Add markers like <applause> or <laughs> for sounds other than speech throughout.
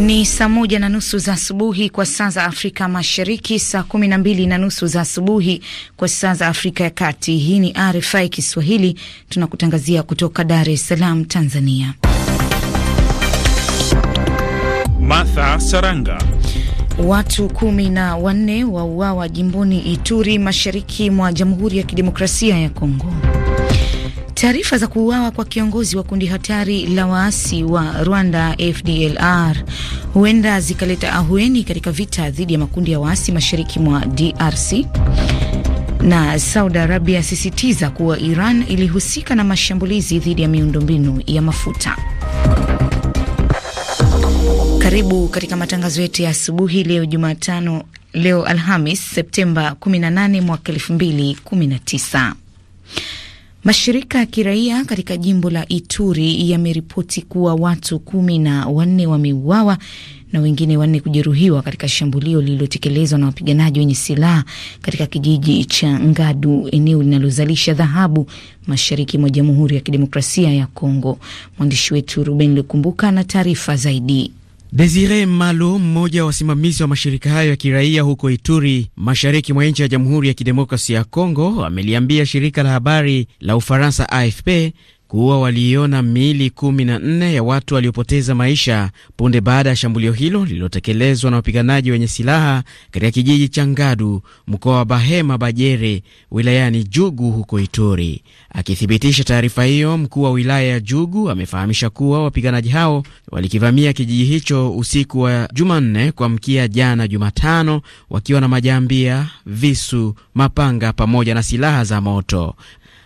Ni saa moja na nusu za asubuhi kwa saa za Afrika Mashariki, saa kumi na mbili na nusu za asubuhi kwa saa za Afrika ya Kati. Hii ni RFI Kiswahili, tunakutangazia kutoka Dar es Salaam, Tanzania. Martha Saranga. Watu kumi na wanne wauawa jimboni Ituri, mashariki mwa Jamhuri ya Kidemokrasia ya Kongo. Taarifa za kuuawa kwa kiongozi wa kundi hatari la waasi wa Rwanda FDLR huenda zikaleta ahueni katika vita dhidi ya makundi ya waasi mashariki mwa DRC. Na Saudi Arabia sisitiza kuwa Iran ilihusika na mashambulizi dhidi ya miundombinu ya mafuta. Karibu katika matangazo yetu ya asubuhi leo Jumatano, leo Alhamis Septemba 18 mwaka 2019. Mashirika ya kiraia katika jimbo la Ituri yameripoti kuwa watu kumi na wanne wameuawa na wengine wanne kujeruhiwa katika shambulio lililotekelezwa na wapiganaji wenye silaha katika kijiji cha Ngadu, eneo linalozalisha dhahabu mashariki mwa Jamhuri ya Kidemokrasia ya Kongo. Mwandishi wetu Ruben Lukumbuka na taarifa zaidi. Desire Malu, mmoja wa wasimamizi wa mashirika hayo ya kiraia huko Ituri, mashariki mwa nchi ya Jamhuri ya Kidemokrasia ya Kongo, ameliambia shirika la habari la Ufaransa AFP kuwa waliiona miili 14 ya watu waliopoteza maisha punde baada ya shambulio hilo lililotekelezwa na wapiganaji wenye silaha katika kijiji cha Ngadu, mkoa wa Bahema Bajere, wilayani Jugu huko Ituri. Akithibitisha taarifa hiyo, mkuu wa wilaya ya Jugu amefahamisha kuwa wapiganaji hao walikivamia kijiji hicho usiku wa Jumanne kuamkia jana Jumatano, wakiwa na majambia, visu, mapanga pamoja na silaha za moto.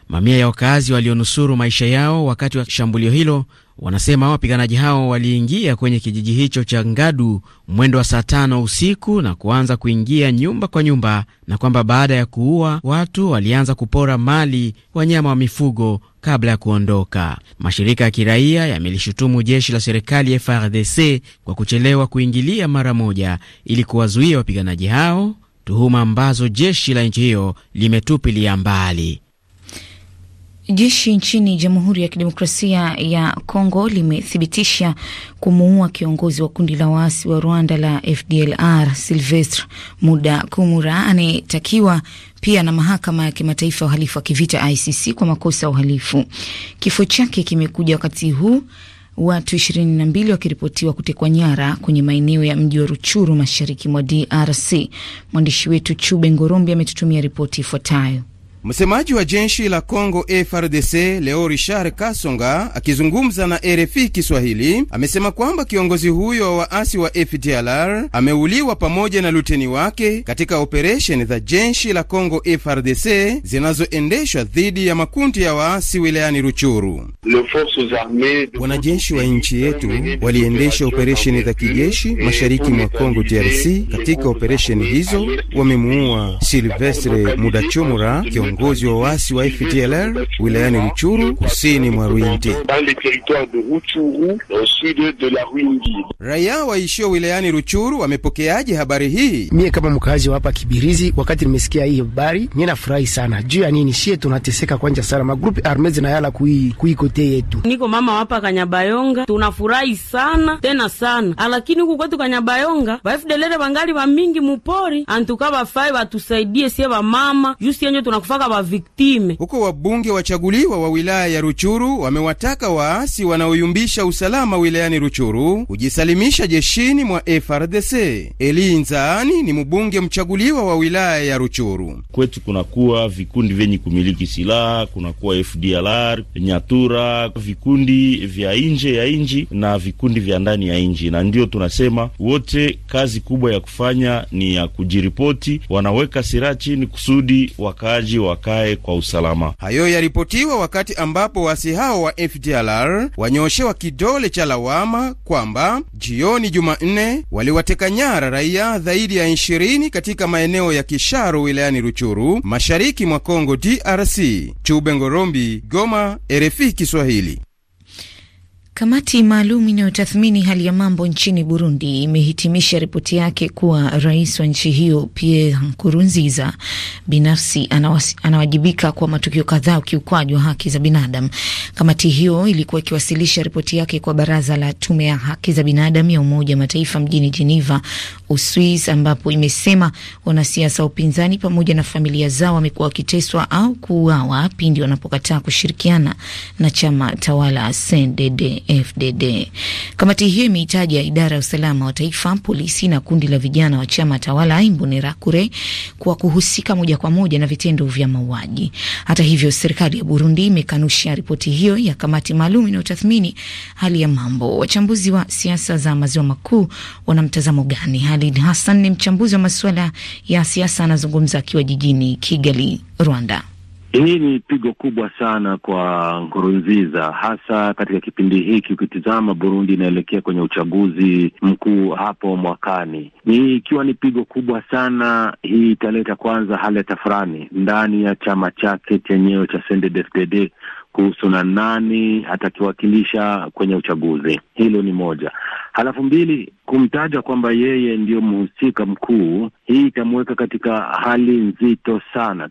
Mamia ya wakazi walionusuru maisha yao wakati wa shambulio hilo wanasema wapiganaji hao waliingia kwenye kijiji hicho cha Ngadu mwendo wa saa tano usiku na kuanza kuingia nyumba kwa nyumba, na kwamba baada ya kuua watu walianza kupora mali, wanyama wa mifugo kabla ya kuondoka. Mashirika ya kiraia yamelishutumu jeshi la serikali FRDC kwa kuchelewa kuingilia mara moja ili kuwazuia wapiganaji hao, tuhuma ambazo jeshi la nchi hiyo limetupilia mbali. Jeshi nchini Jamhuri ya Kidemokrasia ya Kongo limethibitisha kumuua kiongozi wa kundi la waasi wa Rwanda la FDLR Silvestre Muda Kumura anayetakiwa pia na mahakama ya kimataifa ya uhalifu wa kivita ICC kwa makosa ya uhalifu. Kifo chake kimekuja wakati huu watu 22 wakiripotiwa kutekwa nyara kwenye maeneo ya mji wa Ruchuru mashariki mwa DRC. Mwandishi wetu Chube Ngorombi ametutumia ripoti ifuatayo. Msemaji wa jeshi la Congo FRDC leo Richard Kasonga akizungumza na RFI Kiswahili amesema kwamba kiongozi huyo wa waasi wa FDLR ameuliwa pamoja na luteni wake katika operesheni za jeshi la Congo FRDC zinazoendeshwa dhidi ya makundi ya waasi wilayani Ruchuru. Wanajeshi wa nchi yetu waliendesha operesheni za kijeshi mashariki mwa Congo DRC. Katika operesheni hizo wamemuua Silvestre Mudachomura kiongozi wa waasi wa FDLR wilayani Ruchuru kusini mwa Ruindi. Raia waishio wilayani Ruchuru wamepokeaje habari hii? Mie kama mkazi wa hapa Kibirizi, wakati nimesikia hii habari mie nafurahi sana. Juu ya nini? Shie tunateseka kwanja sana, magrupi arme zinayala kuikote kui yetu. Niko mama wapa Kanyabayonga, tunafurahi sana tena sana, alakini ah, huku kwetu Kanyabayonga ba FDLR bangali ba mingi mupori, antuka bafai batusaidie sie ba mama, jusi yenye tunakufaka kuchunga maviktime. Huko wabunge wachaguliwa wa wilaya ya Ruchuru wamewataka waasi wanaoyumbisha usalama wilayani Ruchuru kujisalimisha jeshini mwa FRDC. Eli Nzaani ni mbunge mchaguliwa wa wilaya ya Ruchuru. Kwetu kunakuwa vikundi vyenye kumiliki silaha, kunakuwa FDLR, Nyatura, vikundi vya nje ya nji na vikundi vya ndani ya nji, na ndiyo tunasema wote kazi kubwa ya kufanya ni ya kujiripoti, wanaweka silaha chini kusudi wakaaji wa wakae kwa usalama. Hayo yaripotiwa wakati ambapo waasi hao wa FDLR wanyoshewa kidole cha lawama kwamba jioni Jumanne waliwateka nyara raia zaidi ya 20 katika maeneo ya Kisharo wilayani Ruchuru, mashariki mwa congo DRC. Chube Ngorombi, Goma, RFI Kiswahili. Kamati maalum inayotathmini hali ya mambo nchini Burundi imehitimisha ripoti yake kuwa rais wa nchi hiyo Pierre Nkurunziza binafsi anawasi, anawajibika kwa matukio kadhaa ukiukwaji wa haki za binadamu. Kamati hiyo ilikuwa ikiwasilisha ripoti yake kwa baraza la tume ya haki za binadamu ya Umoja wa Mataifa mjini Geneva Uswiz, ambapo imesema wanasiasa wa upinzani pamoja na familia zao wamekuwa wakiteswa au kuuawa pindi wanapokataa kushirikiana na chama tawala CNDD FDD. Kamati hiyo imeitaja idara ya usalama wa taifa, polisi na kundi la vijana wa chama tawala Imbonerakure kwa kuhusika moja kwa moja na vitendo vya mauaji. Hata hivyo, serikali ya Burundi imekanusha ripoti hiyo ya kamati maalum inayotathmini hali ya mambo. Wachambuzi wa siasa za maziwa makuu wana mtazamo gani? hali Khalid Hassan ni mchambuzi wa masuala ya siasa, anazungumza akiwa jijini Kigali, Rwanda. Hii ni pigo kubwa sana kwa Nkurunziza, hasa katika kipindi hiki. Ukitizama Burundi inaelekea kwenye uchaguzi mkuu hapo mwakani, ni ikiwa ni pigo kubwa sana hii. Italeta kwanza hali ya tafurani ndani ya chama chake chenyewe cha CNDD-FDD kuhusu na nani atakiwakilisha kwenye uchaguzi. Hilo ni moja. Halafu mbili, kumtaja kwamba yeye ndiyo mhusika mkuu, hii itamweka katika hali nzito sana.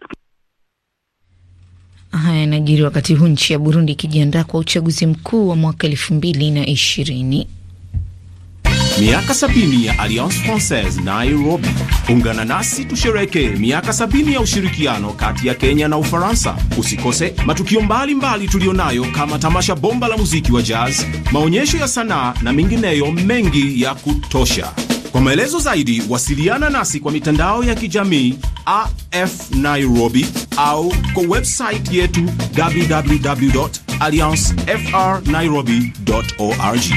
Haya yanajiri wakati huu nchi ya Burundi ikijiandaa kwa uchaguzi mkuu wa mwaka elfu mbili na ishirini. Miaka sabini ya Alliance Francaise Nairobi. Ungana nasi tushereke miaka sabini ya ushirikiano kati ya Kenya na Ufaransa. Usikose matukio mbalimbali tuliyonayo kama tamasha bomba la muziki wa jazz, maonyesho ya sanaa na mengineyo mengi ya kutosha. Kwa maelezo zaidi wasiliana nasi kwa mitandao ya kijamii AF Nairobi au kwa websaiti yetu www org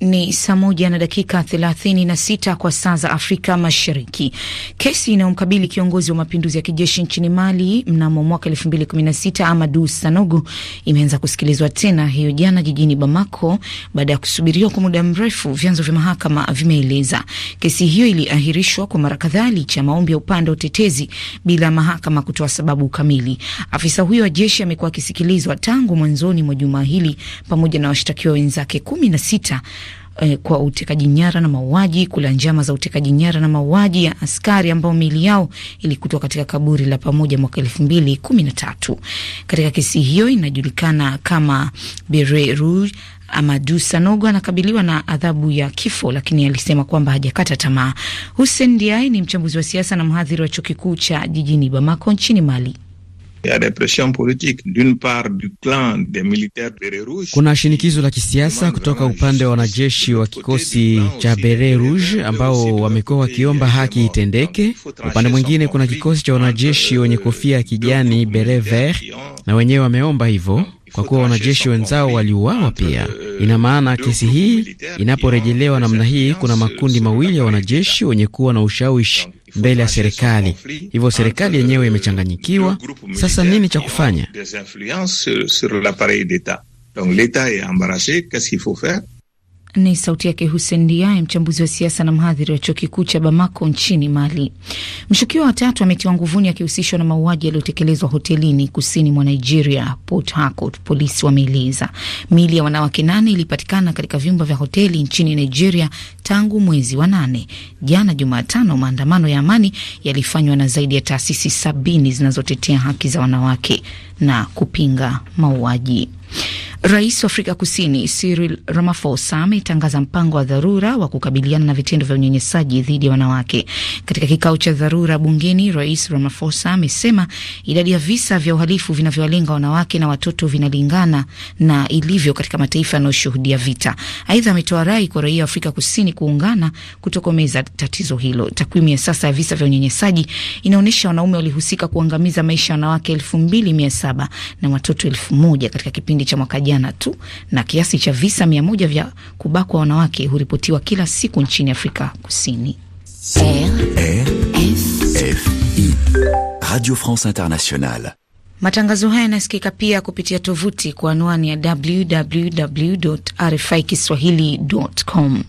ni saa moja na dakika thelathini na sita kwa saa za Afrika Mashariki. Kesi inayomkabili kiongozi wa mapinduzi ya kijeshi nchini Mali mnamo mwaka elfu mbili kumi na sita Amadu Sanogo imeanza kusikilizwa tena hiyo jana jijini Bamako baada ya kusubiriwa kwa muda mrefu, vyanzo vya mahakama vimeeleza. Kesi hiyo iliahirishwa kwa mara kadhaa licha ya maombi ya upande wa utetezi bila mahakama kutoa sababu kamili. Afisa huyo wa jeshi amekuwa akisikilizwa tangu mwanzoni mwa jumaa hili pamoja na washtakiwa wenzake kumi na sita eh, kwa utekaji nyara na mauaji, kula njama za utekaji nyara na mauaji ya askari ambao miili yao ilikutwa katika kaburi la pamoja mwaka elfu mbili kumi na tatu. Katika kesi hiyo inajulikana kama Bere Rouge, Amadu Sanogo anakabiliwa na adhabu ya kifo, lakini alisema kwamba hajakata tamaa. Hussein Diai ni mchambuzi wa siasa na mhadhiri wa chuo kikuu cha jijini Bamako nchini Mali ya repression politique d'une part du clan des militaires beret rouge. Kuna shinikizo la kisiasa kutoka upande wa wanajeshi wa kikosi cha beret rouge ambao wamekuwa wakiomba haki itendeke. Upande mwingine kuna kikosi cha wanajeshi wenye kofia ya kijani beret vert, na wenyewe wameomba hivyo kwa kuwa wanajeshi wenzao waliuawa pia. Ina maana kesi hii inaporejelewa namna hii, kuna makundi mawili ya wanajeshi wenye kuwa na ushawishi mbele ya serikali, hivyo serikali yenyewe imechanganyikiwa. Sasa nini cha kufanya? Ni sauti yake Hussein Diaye, mchambuzi wa siasa na mhadhiri wa chuo kikuu cha Bamako nchini Mali. Mshukiwa watatu ametiwa nguvuni akihusishwa na mauaji yaliyotekelezwa hotelini kusini mwa Nigeria, Port Harcourt, polisi wameeleza. Miili ya wanawake nane ilipatikana katika vyumba vya hoteli nchini Nigeria tangu mwezi wa nane. Jana Jumatano, maandamano ya amani yalifanywa na zaidi ya taasisi sabini zinazotetea haki za wanawake na kupinga mauaji. Rais wa Afrika Kusini Cyril Ramaphosa ametangaza mpango wa dharura wa kukabiliana na vitendo vya unyanyasaji dhidi ya wanawake. Katika kikao cha dharura bungeni, Rais Ramaphosa amesema idadi ya visa vya uhalifu vinavyowalenga wanawake na watoto vinalingana na ilivyo katika mataifa yanayoshuhudia vita. Aidha, ametoa rai kwa raia wa Afrika Kusini kuungana kutokomeza tatizo hilo. Takwimu ya sasa ya visa vya unyanyasaji inaonyesha wanaume walihusika kuangamiza maisha ya wanawake elfu mbili mia saba na watoto elfu moja katika kipindi cha mwaka jana tu, na kiasi cha visa mia moja vya kubakwa wanawake huripotiwa kila siku nchini Afrika Kusini. RFI Radio France Internationale. Matangazo haya yanasikika pia kupitia tovuti kwa anwani ya www RFI kiswahilicom.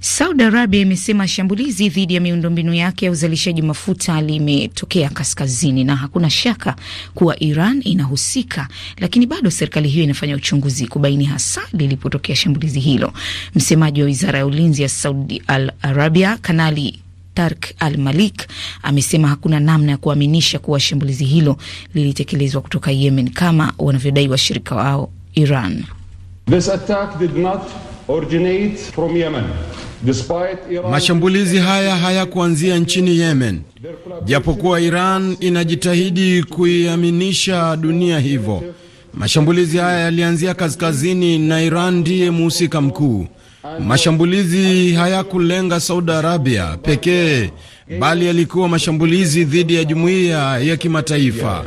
Saudi Arabia imesema shambulizi dhidi ya miundombinu yake ya uzalishaji mafuta limetokea kaskazini na hakuna shaka kuwa Iran inahusika, lakini bado serikali hiyo inafanya uchunguzi kubaini hasa lilipotokea shambulizi hilo. Msemaji wa wizara ya ulinzi ya Saudi al Arabia, Kanali Tark Al Malik amesema hakuna namna ya kuaminisha kuwa shambulizi hilo lilitekelezwa kutoka Yemen kama wanavyodai washirika wao Iran. This attack did not originate from Yemen. mashambulizi haya hayakuanzia nchini Yemen, japokuwa Iran inajitahidi kuiaminisha dunia hivyo. Mashambulizi haya yalianzia kaskazini na Iran ndiye mhusika mkuu. Mashambulizi hayakulenga Saudi Arabia pekee bali yalikuwa mashambulizi dhidi ya jumuiya ya kimataifa.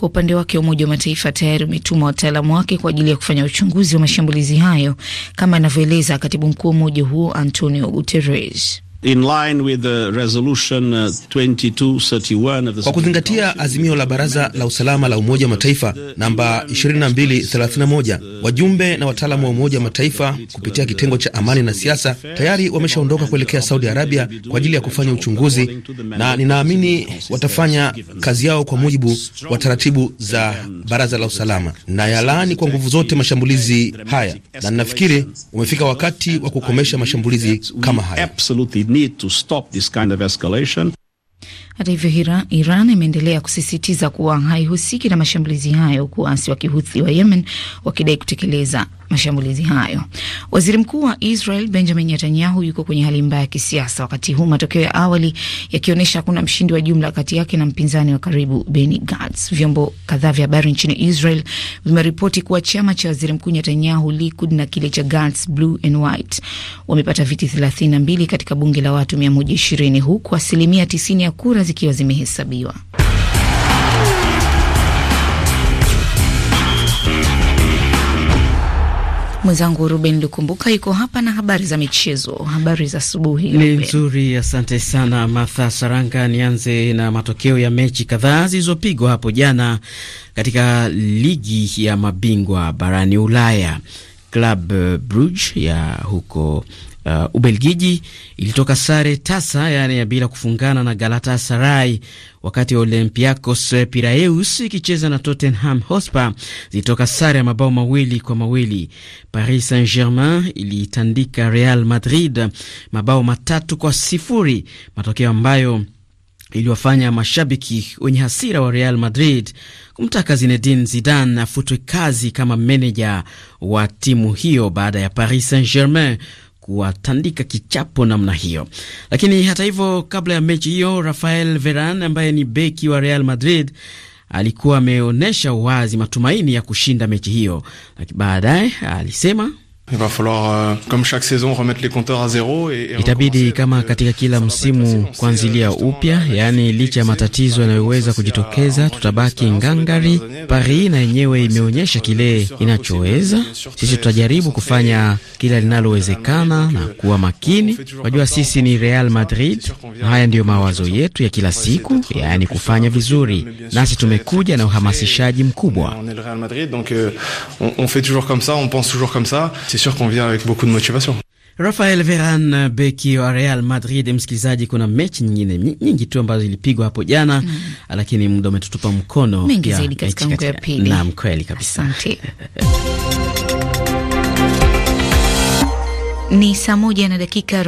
Kwa upande wake, Umoja wa Mataifa tayari umetuma wataalamu wake kwa ajili ya kufanya uchunguzi wa mashambulizi hayo, kama anavyoeleza katibu mkuu wa umoja huo Antonio Guterres. In line with the resolution 2231 uh, kwa kuzingatia azimio la Baraza la Usalama la Umoja wa Mataifa namba 2231, wajumbe na wataalamu wa Umoja wa Mataifa kupitia kitengo cha amani na siasa tayari wameshaondoka kuelekea Saudi Arabia kwa ajili ya kufanya uchunguzi, na ninaamini watafanya kazi yao kwa mujibu wa taratibu za Baraza la Usalama. Na yalaani kwa nguvu zote mashambulizi haya, na ninafikiri umefika wakati wa kukomesha mashambulizi kama haya need to stop this kind of escalation. Hata hivyo, Iran imeendelea kusisitiza kuwa haihusiki na mashambulizi hayo, huku waasi wa Kihuthi wa Yemen wakidai kutekeleza mashambulizi hayo. Waziri mkuu wa Israel Benjamin Netanyahu yuko kwenye hali mbaya ya kisiasa, wakati huu matokeo ya awali yakionyesha hakuna mshindi wa jumla kati yake na mpinzani wa karibu Benny Gantz. Vyombo kadhaa vya habari nchini Israel vimeripoti kuwa chama cha waziri mkuu Netanyahu, Likud, na kile cha Gantz, Blue and White, wamepata viti 32 katika bunge la watu 120 huku asilimia 90 ya kura zikiwa zimehesabiwa. Mwenzangu Ruben Lukumbuka yuko hapa na habari za michezo. Habari za asubuhi. Ni nzuri, asante sana Martha Saranga. Nianze na matokeo ya mechi kadhaa zilizopigwa hapo jana katika ligi ya mabingwa barani Ulaya. Club Brugge ya huko Uh, Ubelgiji ilitoka sare tasa yani ya bila kufungana na Galatasaray, wakati wa Olympiacos Piraeus ikicheza na Tottenham Hotspur zilitoka sare ya mabao mawili kwa mawili. Paris Saint-Germain ilitandika Real Madrid mabao matatu kwa sifuri, matokeo ambayo iliwafanya mashabiki wenye hasira wa Real Madrid kumtaka Zinedine Zidane afutwe kazi kama meneja wa timu hiyo baada ya Paris Saint-Germain kuwatandika kichapo namna hiyo. Lakini hata hivyo, kabla ya mechi hiyo, Rafael veran ambaye ni beki wa Real Madrid alikuwa ameonyesha wazi matumaini ya kushinda mechi hiyo, lakini baadaye alisema Itabidi kama euh, katika kila msimu kuanzilia euh, upya, yaani licha ya matatizo yanayoweza euh, kujitokeza, tutabaki ngangari. Paris na yenyewe imeonyesha kile inachoweza. Sisi tutajaribu kufanya kila linalowezekana na kuwa makini. Wajua, sisi ni Real Madrid na haya ndiyo mawazo yetu ya kila siku, yaani kufanya vizuri, nasi tumekuja na uhamasishaji mkubwa c'est sûr qu'on vient avec beaucoup de motivation. Rafael Veran, beki wa Real Madrid. Msikilizaji, kuna mechi nyingine nyingi tu ambazo zilipigwa hapo jana mm, lakini muda umetutupa mkono. Mengi zaidi katika mkono ya pili. Naam, kweli kabisa. Asante. <laughs> Ni saa moja na dakika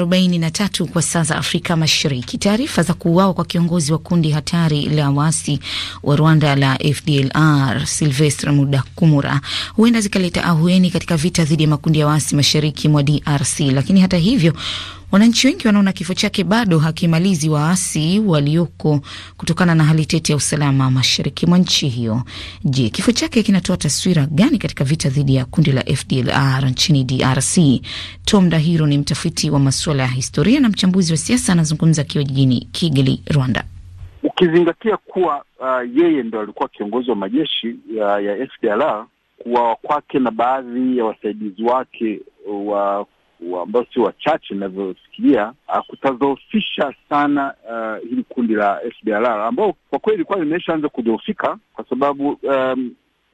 tatu kwa saa za Afrika Mashariki. Taarifa za kuuawa kwa kiongozi wa kundi hatari la waasi wa Rwanda la FDLR Silvestre Mudakumura huenda zikaleta ahueni katika vita dhidi ya makundi ya waasi mashariki mwa DRC, lakini hata hivyo Wananchi wengi wanaona kifo chake bado hakimalizi waasi walioko kutokana na hali tete ya usalama mashariki mwa nchi hiyo. Je, kifo chake kinatoa taswira gani katika vita dhidi ya kundi la FDLR nchini DRC? Tom Dahiro ni mtafiti wa masuala ya historia na mchambuzi wa siasa, anazungumza akiwa jijini Kigali, Rwanda. Ukizingatia kuwa uh, yeye ndo alikuwa kiongozi wa majeshi ya, ya FDLR, kuwawa kwake na baadhi ya wasaidizi wake wa ambao sio wachache inavyofikiria, ah, kutadhoofisha sana uh, hili kundi la FDLR ambao kwa kweli kwa limeshaanza kudhoofika kwa sababu um,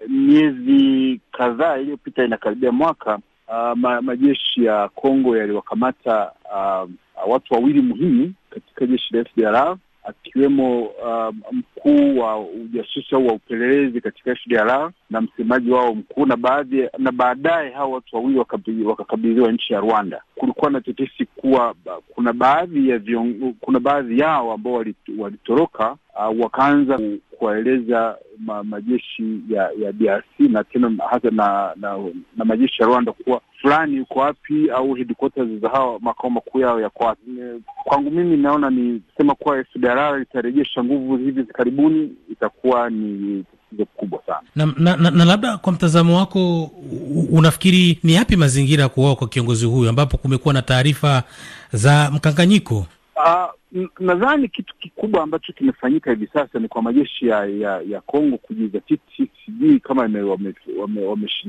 miezi kadhaa iliyopita inakaribia mwaka uh, ma, majeshi ya Kongo yaliwakamata uh, watu wawili muhimu katika jeshi la FDLR akiwemo uh, mkuu wa ujasusi au wa upelelezi katika HDLR na msemaji wao mkuu, na baadhi na baadaye hao watu wawili wakakabidhiwa nchi ya Rwanda. Kulikuwa na tetesi kuwa kuna baadhi ya vion, kuna baadhi yao ambao walitoroka uh, wakaanza kuwaeleza ma, majeshi ya ya DRC na tena hasa na, na na majeshi ya Rwanda kuwa fulani yuko wapi au headquarters za hawa makao makuu yao yako wapi. Kwangu mimi naona ni kusema kuwa FDLR itarejesha nguvu hivi karibuni, itakuwa ni tatizo kubwa sana na, na, na, na labda kwa mtazamo wako unafikiri ni yapi mazingira ya kuuawa kwa kiongozi huyu ambapo kumekuwa na taarifa za mkanganyiko? Ah, nadhani kitu kikubwa ambacho kimefanyika hivi sasa ni kwa majeshi ya ya, ya Kongo kujizatiti. Sijui kama wameshirikiana wame,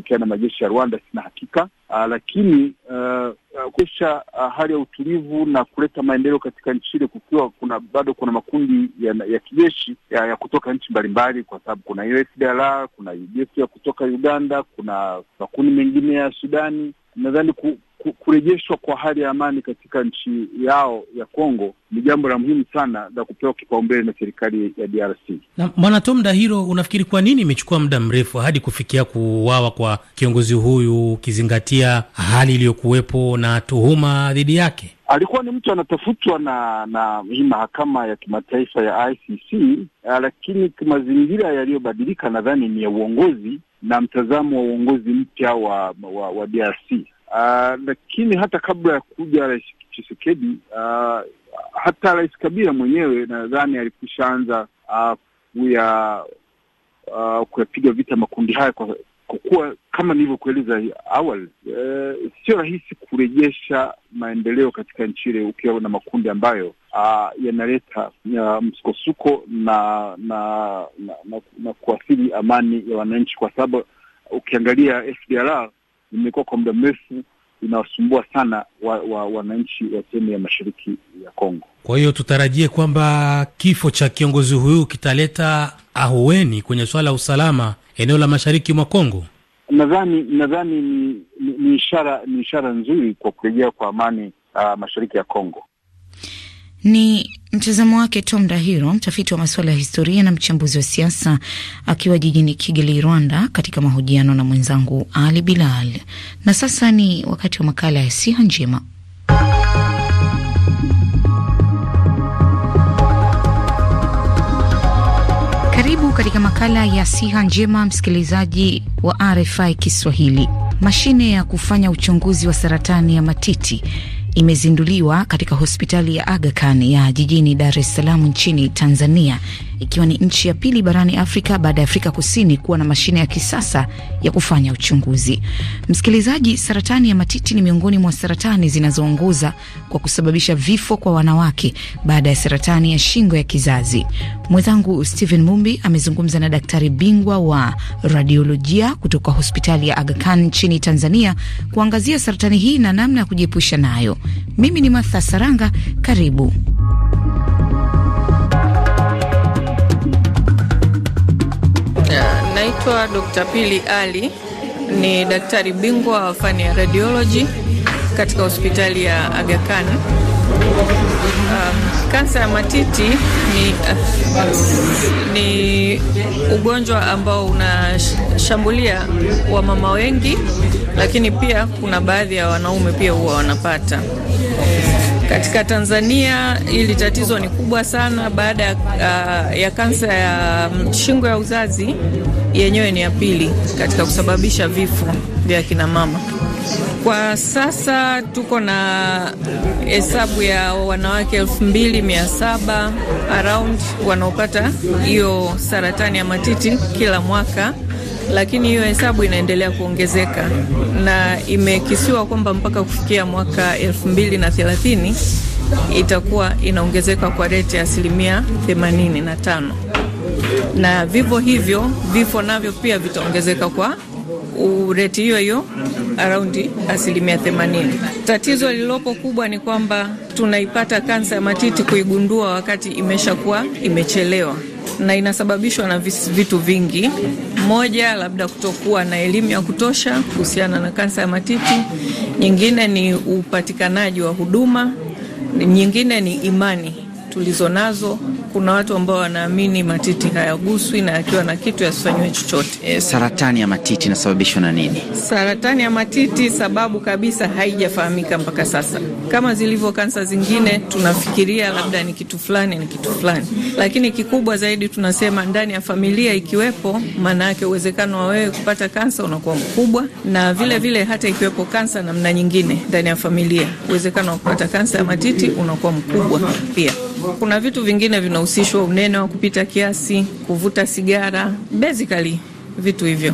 wame majeshi ya Rwanda, sina hakika uh, lakini ah, kuesha ah, hali ya utulivu na kuleta maendeleo katika nchi ile, kukiwa kuna bado kuna makundi ya, ya kijeshi ya, ya kutoka nchi mbalimbali, kwa sababu kuna UFDR, kuna UDF ya kutoka Uganda, kuna makundi mengine ya Sudani nadhani kurejeshwa kwa hali ya amani katika nchi yao ya Kongo ni jambo la muhimu sana la kupewa kipaumbele na serikali ya DRC. Na Bwana Tom Dahiro, unafikiri kwa nini imechukua muda mrefu hadi kufikia kuuawa kwa kiongozi huyu, ukizingatia hali iliyokuwepo na tuhuma dhidi yake? Alikuwa ni mtu anatafutwa na na hii mahakama ya kimataifa ya ICC, ah, lakini mazingira yaliyobadilika nadhani ni ya uongozi na mtazamo wa uongozi mpya wa, wa, wa DRC Ah, lakini hata kabla ya kuja Rais chisekedi uh, ah, hata Rais Kabila mwenyewe nadhani alikushaanza ah, kuya uh, kuyapiga vita makundi haya kwa, kwa kuwa kama nilivyokueleza awali uh, sio rahisi kurejesha maendeleo katika nchi ile ukiwa na makundi ambayo uh, yanaleta ya msukosuko na na na, na, na kuathiri amani ya wananchi, kwa sababu ukiangalia FDLR imekuwa kwa muda mrefu inawasumbua sana wananchi wa, wa, wa sehemu ya mashariki ya Kongo. Kwa hiyo tutarajie kwamba kifo cha kiongozi huyu kitaleta ahueni kwenye swala la usalama eneo la mashariki mwa Kongo. Nadhani nadhani ni, ni, ni ishara ni ishara nzuri kwa kurejea kwa amani uh, mashariki ya Kongo. Ni mtazamo wake Tom Dahiro, mtafiti wa masuala ya historia na mchambuzi wa siasa, akiwa jijini Kigali, Rwanda, katika mahojiano na mwenzangu Ali Bilal. Na sasa ni wakati wa makala ya Siha Njema. Karibu katika makala ya Siha Njema, msikilizaji wa RFI Kiswahili. Mashine ya kufanya uchunguzi wa saratani ya matiti imezinduliwa katika hospitali ya Aga Khan ya jijini Dar es Salaam nchini Tanzania ikiwa ni nchi ya pili barani Afrika baada ya Afrika Kusini kuwa na mashine ya kisasa ya kufanya uchunguzi. Msikilizaji, saratani ya matiti ni miongoni mwa saratani zinazoongoza kwa kusababisha vifo kwa wanawake baada ya saratani ya shingo ya kizazi. Mwenzangu Stephen Mumbi amezungumza na daktari bingwa wa radiolojia kutoka hospitali ya Aga Khan nchini Tanzania kuangazia saratani hii na namna ya kujiepusha nayo. Mimi ni Martha Saranga, karibu. Naitwa Dr. Pili Ali, ni daktari bingwa wa fani ya radiology katika hospitali ya Aga Khan. Um, kansa ya matiti ni, uh, ni ugonjwa ambao unashambulia wamama wengi, lakini pia kuna baadhi ya wanaume pia huwa wanapata. Katika Tanzania hili tatizo ni kubwa sana baada uh, ya kansa ya shingo ya uzazi yenyewe ni ya pili katika kusababisha vifo vya kina mama. Kwa sasa tuko na hesabu ya wanawake elfu mbili mia saba around wanaopata hiyo saratani ya matiti kila mwaka lakini hiyo hesabu inaendelea kuongezeka na imekisiwa kwamba mpaka kufikia mwaka elfu mbili na thelathini itakuwa inaongezeka kwa reti ya asilimia themanini na tano na vivyo hivyo vifo navyo pia vitaongezeka kwa ureti hiyo hiyo araundi asilimia themanini. Tatizo lililopo kubwa ni kwamba tunaipata kansa ya matiti kuigundua wakati imeshakuwa imechelewa, na inasababishwa na vitu vingi moja, labda kutokuwa na elimu ya kutosha kuhusiana na kansa ya matiti, nyingine ni upatikanaji wa huduma, nyingine ni imani tulizonazo. Kuna watu ambao wanaamini matiti hayaguswi na akiwa na kitu yasifanyiwe chochote. E, saratani ya matiti inasababishwa na nini? Saratani ya matiti sababu kabisa haijafahamika mpaka sasa. Kama zilivyo kansa zingine, tunafikiria labda ni kitu fulani, ni kitu fulani, lakini kikubwa zaidi tunasema ndani ya familia ikiwepo, maana yake uwezekano wa wewe kupata kansa unakuwa mkubwa, na vile vile hata ikiwepo kansa namna nyingine ndani ya familia, uwezekano wa kupata kansa ya matiti unakuwa mkubwa pia. Kuna vitu vingine vinahusishwa, unene wa kupita kiasi, kuvuta sigara, basically vitu hivyo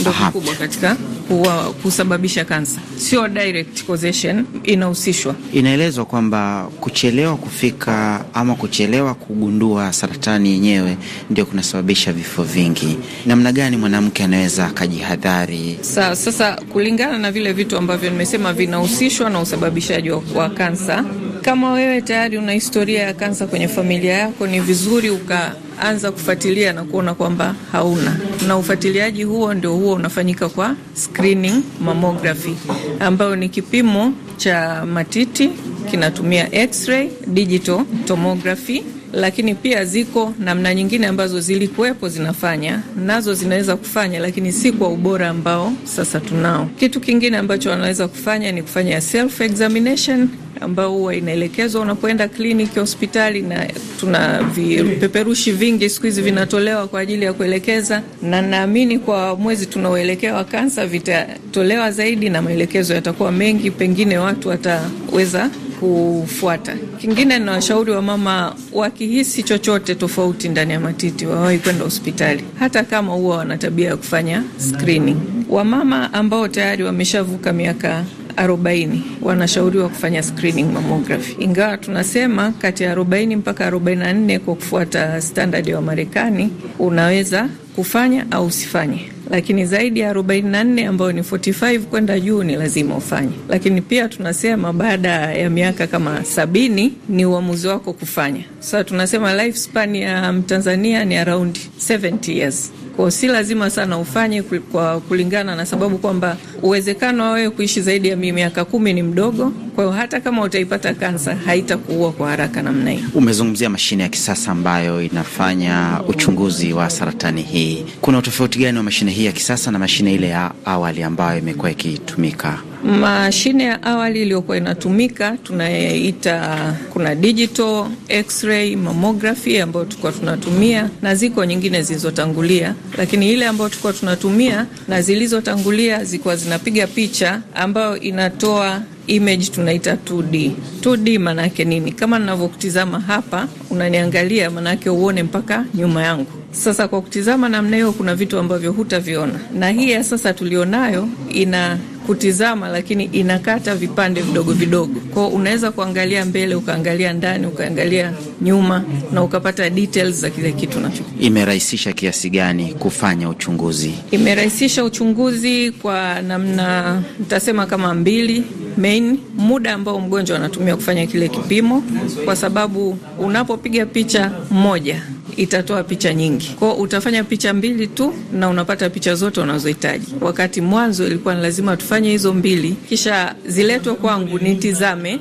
ndio vikubwa katika kuwa, kusababisha kansa. Sio direct causation inahusishwa. Inaelezwa kwamba kuchelewa kufika ama kuchelewa kugundua saratani yenyewe ndio kunasababisha vifo vingi. Namna gani mwanamke anaweza akajihadhari? Sa, sasa kulingana na vile vitu ambavyo nimesema vinahusishwa na usababishaji wa kansa kama wewe tayari una historia ya kansa kwenye familia yako, ni vizuri ukaanza kufuatilia na kuona kwamba hauna, na ufuatiliaji huo ndio huo unafanyika kwa screening mammography, ambayo ni kipimo cha matiti kinatumia x-ray, digital tomography lakini pia ziko namna nyingine ambazo zilikuwepo zinafanya nazo zinaweza kufanya, lakini si kwa ubora ambao sasa tunao. Kitu kingine ambacho wanaweza kufanya ni kufanya self examination ambao huwa inaelekezwa unapoenda kliniki hospitali, na tuna vipeperushi vingi siku hizi vinatolewa kwa ajili ya kuelekeza, na naamini kwa mwezi tunaoelekea wa kansa vitatolewa zaidi na maelekezo yatakuwa mengi, pengine watu wataweza kufuata. Kingine na washauri wa mama wakihisi chochote tofauti ndani ya matiti wawahi kwenda hospitali, hata kama huwa wana tabia ya kufanya screening. Wamama ambao tayari wameshavuka miaka arobaini wanashauriwa kufanya screening mammography, ingawa tunasema kati ya arobaini mpaka nne kwa kufuata standard ya Marekani unaweza kufanya au usifanye, lakini zaidi ya 44 ambayo ni 45 kwenda juu ni lazima ufanye. Lakini pia tunasema baada ya miaka kama sabini ni uamuzi wako kufanya. Sasa so, tunasema lifespan ya Mtanzania ni around 70 years kwa si lazima sana ufanye kwa kulingana na sababu kwamba uwezekano wa wewe kuishi zaidi ya miaka kumi ni mdogo. Kwa hiyo hata kama utaipata kansa haitakuua kwa haraka namna hii Umezungumzia mashine ya kisasa ambayo inafanya uchunguzi wa saratani hii. Kuna utofauti gani wa mashine hii ya kisasa na mashine ile ya awali ambayo imekuwa ikitumika? Mashine ya awali iliyokuwa inatumika tunayeita kuna digital x-ray mammography ambayo tulikuwa tunatumia na ziko nyingine zilizotangulia, lakini ile ambayo tulikuwa tunatumia na zilizotangulia zilikuwa zinapiga picha ambayo inatoa image tunaita 2D. 2D maana yake nini? Kama ninavyokutizama hapa, unaniangalia, maana yake uone mpaka nyuma yangu. Sasa kwa kutizama namna hiyo, kuna vitu ambavyo hutaviona, na hii ya sasa tulionayo ina kutizama, lakini inakata vipande vidogo vidogo, kwao unaweza kuangalia mbele, ukaangalia ndani, ukaangalia nyuma na ukapata details za kile kitu nacho. Imerahisisha kiasi gani kufanya uchunguzi? Imerahisisha uchunguzi kwa namna mtasema kama mbili main, muda ambao mgonjwa anatumia kufanya kile kipimo, kwa sababu unapopiga picha moja itatoa picha nyingi. Kwao utafanya picha mbili tu na unapata picha zote unazohitaji, wakati mwanzo ilikuwa ni lazima tufanye hizo mbili, kisha ziletwe kwangu nitizame.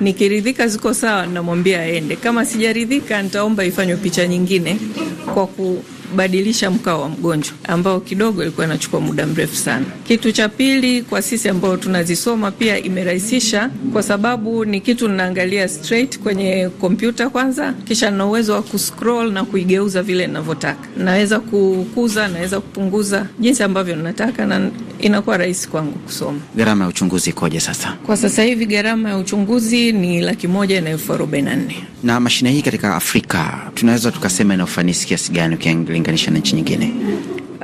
Nikiridhika ziko sawa, namwambia aende. Kama sijaridhika, nitaomba ifanywe picha nyingine kwa ku kubadilisha mkao wa mgonjwa ambao kidogo ilikuwa inachukua muda mrefu sana. Kitu cha pili, kwa sisi ambao tunazisoma pia imerahisisha, kwa sababu ni kitu ninaangalia straight kwenye kompyuta kwanza, kisha na uwezo wa kuscroll na kuigeuza vile ninavyotaka. Naweza kukuza, naweza kupunguza jinsi ambavyo ninataka na inakuwa rahisi kwangu kusoma. Gharama ya uchunguzi ikoje sasa? Kwa sasa hivi gharama ya uchunguzi ni laki moja na elfu arobaini na nne. Na mashine hii katika Afrika tunaweza tukasema ina ufanisi kiasi gani ukilinganisha na nchi nyingine?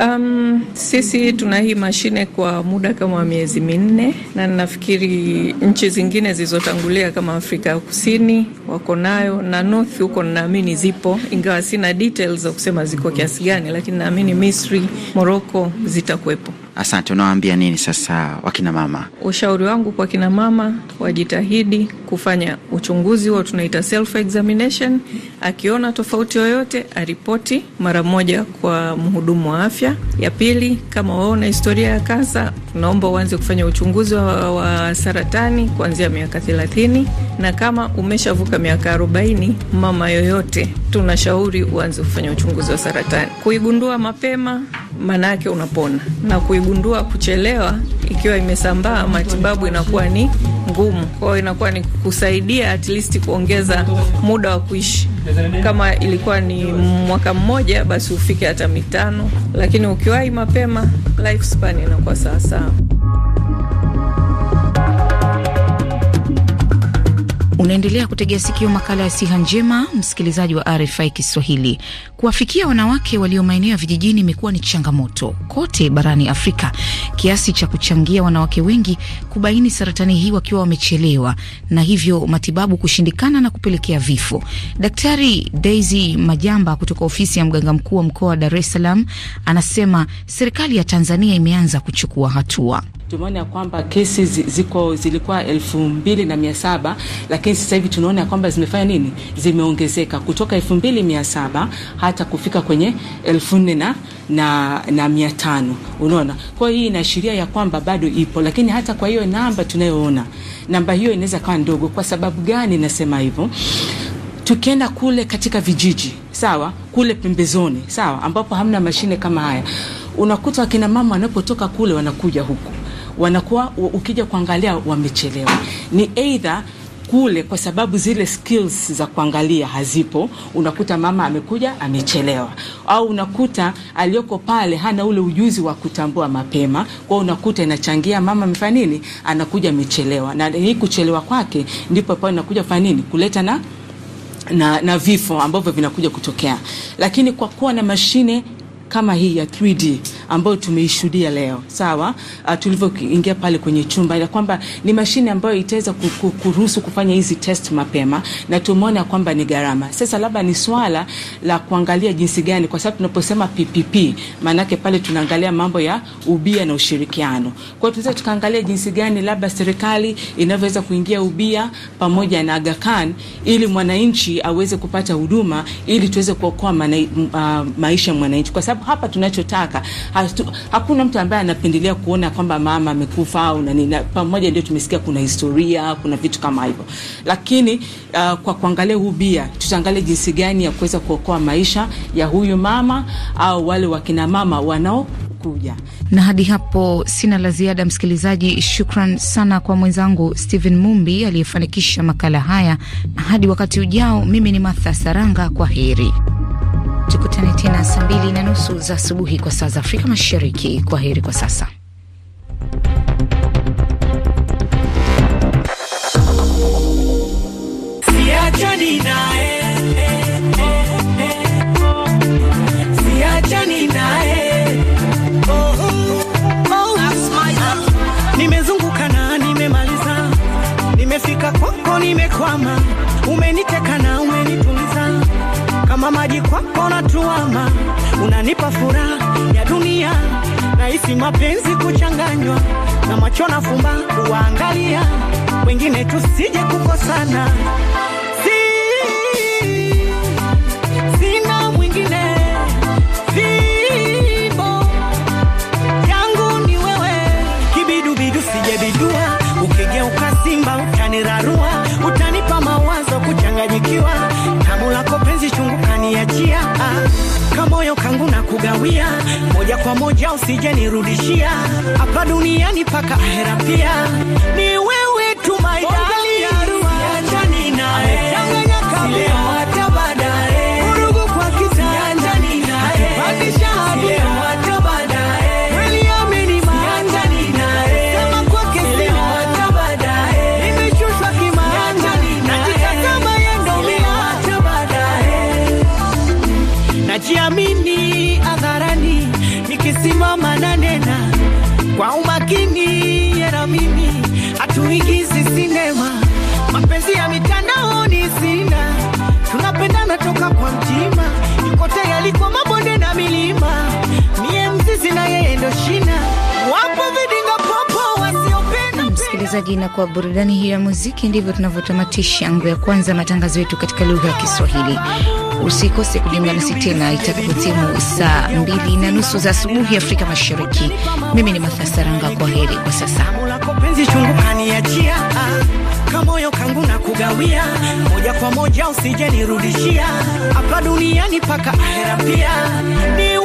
Um, sisi tuna hii mashine kwa muda kama wa miezi minne, na nafikiri nchi zingine zilizotangulia kama Afrika ya Kusini wako nayo na North huko ninaamini zipo, ingawa sina details za kusema ziko kiasi gani, lakini naamini Misri, Morocco zitakuwepo. Asante, unawaambia nini sasa wakina mama? Ushauri wangu kwa kina mama wajitahidi kufanya uchunguzi wa tunaita self examination. Akiona tofauti yoyote aripoti mara moja kwa mhudumu wa afya. Ya pili, kama wao historia ya kansa, tunaomba uanze kufanya uchunguzi wa, wa saratani kuanzia miaka 30, na kama umeshavuka miaka 40, mama yoyote tunashauri uanze kufanya uchunguzi wa saratani. Kuigundua mapema maana yake unapona, na kuigundua kuchelewa, ikiwa imesambaa, matibabu inakuwa ni ngumu. Kwa inakuwa ni kusaidia at least kuongeza muda wa kuishi. Kama ilikuwa ni mwaka mmoja, basi ufike hata mitano, lakini ukiwahi mapema lifespan inakuwa sawasawa. Unaendelea kutegea sikio makala ya siha njema, msikilizaji wa RFI Kiswahili. Kuwafikia wanawake walio maeneo ya vijijini imekuwa ni changamoto kote barani Afrika, kiasi cha kuchangia wanawake wengi kubaini saratani hii wakiwa wamechelewa, na hivyo matibabu kushindikana na kupelekea vifo. Daktari Daisy Majamba kutoka ofisi ya mganga mkuu wa mkoa wa Dar es Salaam anasema serikali ya Tanzania imeanza kuchukua hatua tumeona ya kwamba kesi ziko zilikuwa elfu mbili na mia saba lakini sasa hivi tunaona ya kwamba zimefanya nini, zimeongezeka kutoka elfu mbili mia saba hata kufika kwenye elfu nne na, na, na mia tano unaona. Kwa hiyo hii inaashiria ya kwamba bado ipo, lakini hata kwa hiyo namba tunayoona, namba hiyo inaweza kawa ndogo. Kwa sababu gani nasema hivyo? Tukienda kule katika vijiji sawa, kule pembezoni sawa, ambapo hamna mashine kama haya, unakuta wakina mama wanapotoka kule wanakuja huku wanakuwa ukija kuangalia wamechelewa, ni either kule kwa sababu zile skills za kuangalia hazipo, unakuta mama amekuja amechelewa, au unakuta aliyoko pale hana ule ujuzi wa kutambua mapema. Kwa unakuta inachangia mama amefanya nini, anakuja amechelewa, na hii kuchelewa kwake ndipo pale inakuja kufanya nini, kuleta na na, na vifo ambavyo vinakuja kutokea, lakini kwa kuwa na mashine kama hii ya 3D ambayo tumeishuhudia leo, sawa, uh, tulivyoingia pale kwenye chumba, ya kwamba ni mashine ambayo itaweza kuruhusu kufanya hizi test mapema, na tumeona kwamba ni gharama. Sasa labda ni swala la kuangalia jinsi gani, kwa sababu tunaposema PPP maanake pale tunaangalia mambo ya ubia na ushirikiano. Kwa hiyo tunaweza tukaangalia jinsi gani labda serikali inavyoweza kuingia ubia pamoja na Aga Khan ili mwananchi aweze kupata huduma ili tuweze kuokoa uh, maisha ya mwananchi kwa sababu sababu hapa tunachotaka hastu, hakuna mtu ambaye anapendelea kuona kwamba mama amekufa au na nini. Pamoja ndio tumesikia kuna historia, kuna vitu kama hivyo, lakini uh, kwa kuangalia huu bia tutaangalia jinsi gani ya kuweza kuokoa maisha ya huyu mama au wale wakina mama wanao Na hadi hapo sina la ziada, msikilizaji. Shukran sana kwa mwenzangu Stephen Mumbi aliyefanikisha makala haya. Hadi wakati ujao, mimi ni Martha Saranga, kwa heri tukutane tena saa mbili na nusu za asubuhi kwa saa za Afrika Mashariki. Kwa heri kwa sasa. Nimezunguka na nimemaliza, nimefika kwako, nimekwama, umeniteka mamaji kwako natuama, unanipa furaha ya dunia, na hisi mapenzi kuchanganywa na macho nafumba fumba wengine, tusije kukosana. mara moja, usijenirudishia hapa duniani paka ahera pia. Ni wewe tu my darling, msikilizaji, na kwa burudani hiyo ya muziki ndivyo tunavyotamatisha ngo ya kwanza matangazo yetu katika lugha ya Kiswahili. Usikose kujiunga nasi tena itakapotimu saa mbili na nusu za asubuhi Afrika Mashariki. Mimi ni Mathasaranga, kwa heri kwa sasa. Penzi kamoyo kangu na kugawia, moja kwa moja usijenirudishia, hapa duniani paka ahera pia